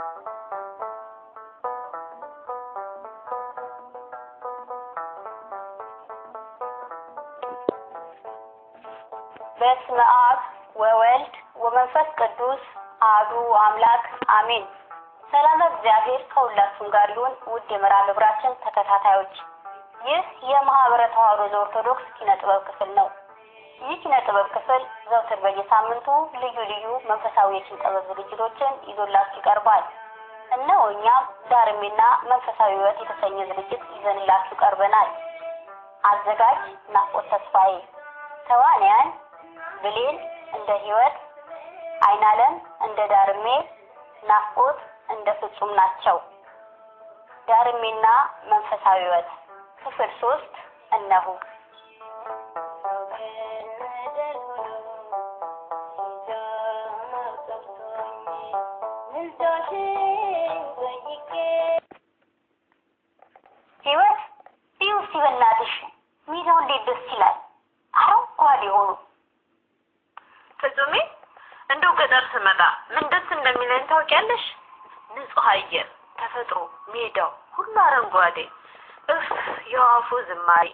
በስመ አብ ወወልድ ወመንፈስ ቅዱስ አሐዱ አምላክ አሜን። ሰላም እግዚአብሔር ከሁላችሁም ጋር ይሁን። ውድ የምዕራብ ህብራችን ተከታታዮች ይህ የማህበረ ተዋሕዶ ዘ ኦርቶዶክስ ኪነ ጥበብ ክፍል ነው። ይህ ጥበብ ክፍል ዘውትር በየሳምንቱ ልዩ ልዩ መንፈሳዊ የኪነ ጥበብ ዝግጅቶችን ይዞላችሁ ይቀርባል። እነሆ እኛም ዳርሜና መንፈሳዊ ሕይወት የተሰኘ ዝግጅት ይዘንላችሁ ቀርበናል። አዘጋጅ ናፍቆት ተስፋዬ፣ ተዋንያን ብሌን እንደ ሕይወት፣ አይናለም እንደ ዳርሜ፣ ናፍቆት እንደ ፍጹም ናቸው። ዳርሜና መንፈሳዊ ሕይወት ክፍል ሶስት እነሆ። እንደው ገጠር ስመጣ ምን ደስ እንደሚለኝ ታውቂያለሽ? ንጹህ አየር፣ ተፈጥሮ፣ ሜዳው ሁሉ አረንጓዴ፣ እፍ የዋፉ ዝማሬ፣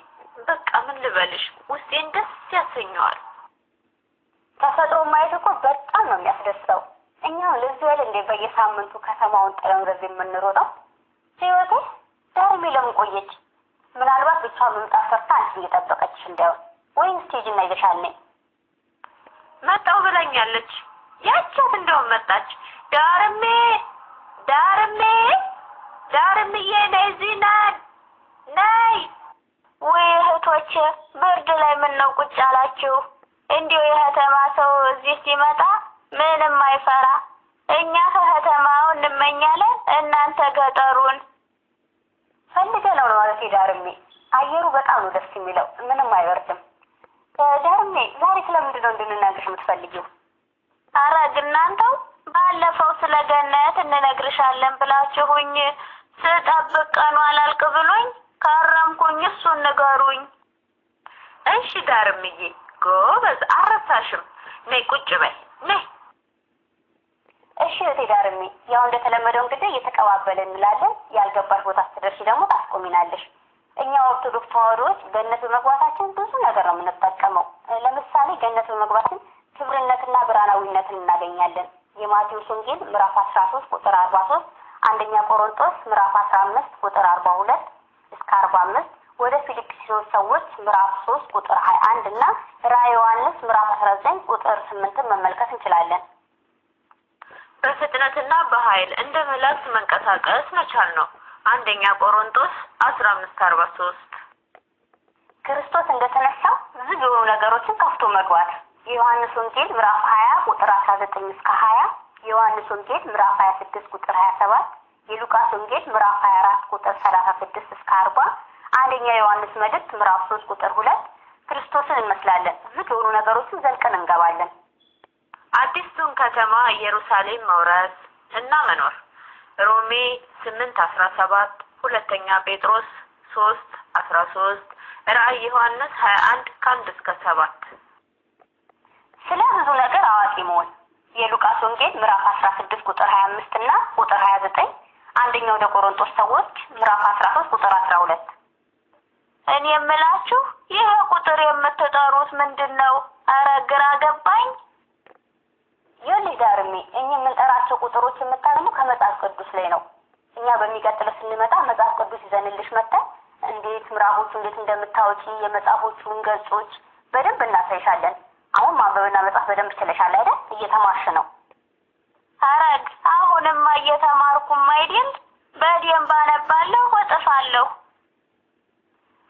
በቃ ምን ልበልሽ ውስጤን ደስ ያሰኘዋል። ተፈጥሮ ማየት እኮ በጣም ነው የሚያስደስተው። እኛ ለዚህ ያለ እንደ በየሳምንቱ ከተማውን ጥለን ወደዚህ የምንሮጠው ህይወቴ ዳርሜ ለምን ቆየች? ምናልባት ብቻ መምጣት ፈርታ አንቺ እየጠበቀችሽ እንዳይሆን ወይም ስቴጅ እና ይዘሻል ነኝ ትጠራኛለች። ያቻት እንደውም መጣች። ዳርሜ ዳርሜ ዳርምዬ ነይ እዚህ ነይ። ወይ እህቶቼ ብርድ ላይ ምን ነው ቁጭ አላችሁ? እንዲሁ የከተማ ሰው እዚህ ሲመጣ ምንም አይፈራ። እኛ ከከተማው እንመኛለን፣ እናንተ ገጠሩን ፈልገ ነው ነው ማለት ዳርሜ። አየሩ በጣም ነው ደስ የሚለው፣ ምንም አይበርድም። ወንድሜ ዛሬ ለምንድን ነው እንድንነግርሽ የምትፈልጊው? አረ እናንተው ባለፈው ስለ ገነት እንነግርሻለን ብላችሁኝ ስጠብቅ ቀኑ አላልቅ ብሎኝ ካረምኩኝ እሱን ንገሩኝ። እሺ ዳርምዬ ጎበዝ፣ አረሳሽም። ነይ ቁጭ በይ ነይ። እሺ እቴ ዳርሜ፣ ያው እንደተለመደው እንግዲህ እየተቀባበልን እንላለን። ያልገባሽ ቦታ ስትደርሺ ደግሞ ታስቆሚናለሽ። እኛ ኦርቶዶክስ ተዋህዶዎች ገነት በመግባታችን ብዙ ነገር ነው የምንጠቀመው። ገነት በመግባትም ክብርነትና ብርሃናዊነትን እናገኛለን። የማቴዎስ ወንጌል ምዕራፍ አስራ ሶስት ቁጥር አርባ ሶስት አንደኛ ቆሮንጦስ ምዕራፍ አስራ አምስት ቁጥር አርባ ሁለት እስከ አርባ አምስት ወደ ፊልጵስዩስ ሰዎች ምዕራፍ ሶስት ቁጥር ሀያ አንድ እና ራዕየ ዮሐንስ ምዕራፍ አስራ ዘጠኝ ቁጥር ስምንትን መመልከት እንችላለን። በፍጥነትና በኃይል እንደ መላእክት መንቀሳቀስ መቻል ነው። አንደኛ ቆሮንጦስ አስራ አምስት አርባ ሶስት ከመጽሐፍ እንደተነሳው ብዙ ነገሮችን ከፍቶ መግባት የዮሐንስ ወንጌል ምዕራፍ ሀያ ቁጥር አስራ ዘጠኝ እስከ ሀያ የዮሐንስ ወንጌል ምዕራፍ ሀያ ስድስት ቁጥር ሀያ ሰባት የሉቃስ ወንጌል ምዕራፍ ሀያ አራት ቁጥር ሰላሳ ስድስት እስከ አርባ አንደኛ ዮሐንስ መልእክት ምዕራፍ ሶስት ቁጥር ሁለት ክርስቶስን እንመስላለን ብዙ የሆኑ ነገሮችን ዘልቀን እንገባለን። አዲስቱን ከተማ ኢየሩሳሌም መውረስ እና መኖር ሮሜ ስምንት አስራ ሰባት ሁለተኛ ጴጥሮስ ሶስት አስራ ሶስት ራእይ ዮሐንስ ሀያ አንድ ከአንድ እስከ ሰባት ስለ ብዙ ነገር አዋቂ መሆን የሉቃስ ወንጌል ምዕራፍ አስራ ስድስት ቁጥር ሀያ አምስት እና ቁጥር ሀያ ዘጠኝ አንደኛው ለቆሮንቶስ ሰዎች ምዕራፍ አስራ ሶስት ቁጥር አስራ ሁለት እኔ የምላችሁ ይህ ቁጥር የምትጠሩት ምንድን ነው? ኧረ ግራ ገባኝ። ይኸውልሽ ዳርሜ እኛ የምንጠራቸው ቁጥሮች የምታገኙ ከመጽሐፍ ቅዱስ ላይ ነው። እኛ በሚቀጥለው ስንመጣ መጽሐፍ ቅዱስ ይዘንልሽ መጥተን የታሪክ ምዕራፎች እንዴት እንደምታወጪ የመጽሐፎቹን ገጾች በደንብ እናሳይሻለን። አሁን ማንበብና መጽሐፍ በደንብ ችለሻል አይደል? እየተማርሽ ነው። አረግ አሁንማ እየተማርኩም አይደል? በደንብ አነባለሁ፣ እጽፋለሁ።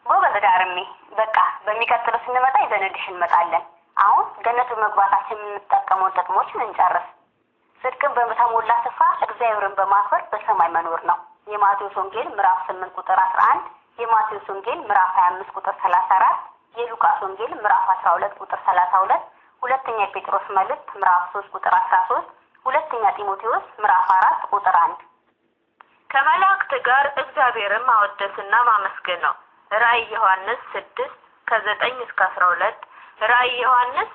ጎበዝ ዳርሜ። በቃ በሚቀጥለው ስንመጣ ይዘንልሽ እንመጣለን። አሁን ገነቱ መግባታችን የምንጠቀመው ጥቅሞች እንጨርስ። ጽድቅን በተሞላ ስፍራ እግዚአብሔርን በማክበር በሰማይ መኖር ነው። የማቴዎስ ወንጌል ምዕራፍ ስምንት ቁጥር አስራ አንድ የማቴዎስ ወንጌል ምዕራፍ 25 ቁጥር 34፣ የሉቃስ ወንጌል ምዕራፍ 12 ቁጥር 32፣ ሁለተኛ ጴጥሮስ መልእክት ምዕራፍ 3 ቁጥር 13፣ ሁለተኛ ጢሞቴዎስ ምዕራፍ 4 ቁጥር 1። ከመላእክት ጋር እግዚአብሔርን ማወደስና ማመስገን ነው። ራእይ ዮሐንስ 6 ከ9 እስከ 12፣ ራእይ ዮሐንስ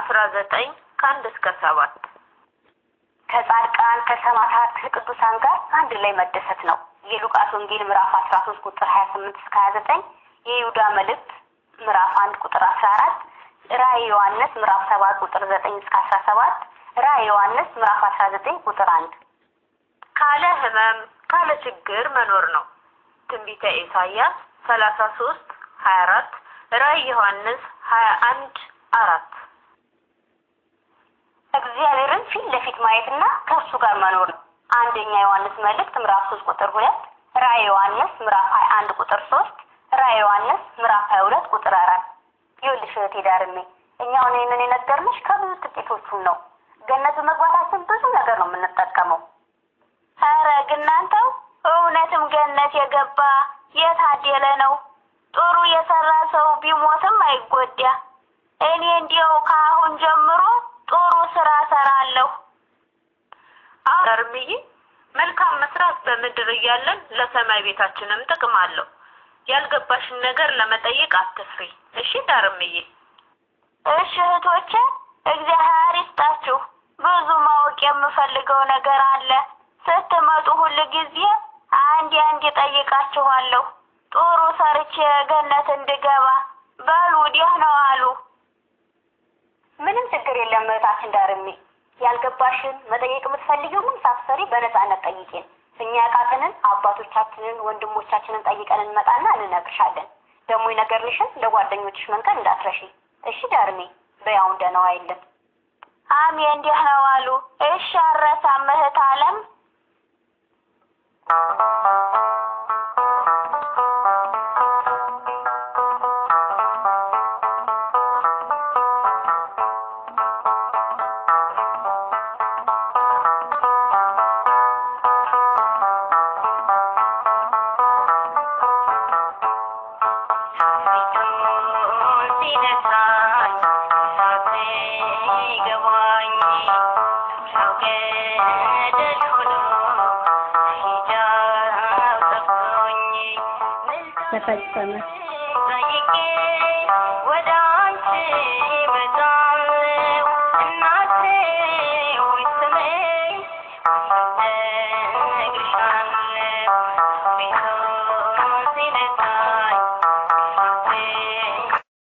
19 ከ1 እስከ 7። ከጻድቃን ከሰማዕታት ከቅዱሳን ጋር አንድ ላይ መደሰት ነው። የሉቃስ ወንጌል ምዕራፍ አስራ ሶስት ቁጥር ሀያ ስምንት እስከ ሀያ ዘጠኝ የይሁዳ መልእክት ምዕራፍ አንድ ቁጥር አስራ አራት ራእይ ዮሐንስ ምዕራፍ ሰባት ቁጥር ዘጠኝ እስከ አስራ ሰባት ራእይ ዮሐንስ ምዕራፍ አስራ ዘጠኝ ቁጥር አንድ ካለ ህመም ካለ ችግር መኖር ነው። ትንቢተ ኢሳያስ ሰላሳ ሶስት ሀያ አራት ራእይ ዮሐንስ ሀያ አንድ አራት እግዚአብሔርን ፊት ለፊት ማየትና ከእሱ ጋር መኖር ነው። አንደኛ ዮሐንስ መልእክት ምዕራፍ 3 ቁጥር 2 ራዕየ ዮሐንስ ምዕራፍ 21 ቁጥር 3 ራዕየ ዮሐንስ ምዕራፍ 22 ቁጥር 4 ይኸውልሽ እህቴ ዳርሜ እኛ አሁን ይህንን የነገርንሽ ከብዙ ጥቂቶቹን ነው። ገነት በመግባታችን ብዙ ነገር ነው የምንጠቀመው። ኧረ ግናንተው እውነትም ገነት የገባ የታደለ ነው። ጥሩ የሰራ ሰው ቢሞትም አይጎዳ። እኔ እንዲያው ከአሁን ጀምሮ ጥሩ ስራ ሰራለሁ አይቀርም መልካም መስራት በምድር እያለን ለሰማይ ቤታችንም ጥቅም አለው። ያልገባሽን ነገር ለመጠየቅ አትፍሪ። እሺ ዳርምዬ። እሺ እህቶቼ፣ እግዚአብሔር ይስጣችሁ። ብዙ ማወቅ የምፈልገው ነገር አለ። ስትመጡ ሁል ጊዜ አንድ አንድ ጠይቃችኋለሁ። ጥሩ ሰርቼ ገነት እንድገባ በሉ። ደህና አሉ ምንም ችግር የለም እህታችን ዳርሜ ያልገባሽን መጠየቅ የምትፈልጊውን ሳትፈሪ በነፃነት ጠይቄን። እኛ ያቃተንን አባቶቻችንን ወንድሞቻችንን ጠይቀን እንመጣና እንነግርሻለን። ደግሞ የነገርንሽን ለጓደኞችሽ መንገድ እንዳትረሺ እሺ? ዳርሜ በያውን ደህና የለም አሜ እንዲህ ነው አሉ። እሺ አረሳም እህት አለም effects on us.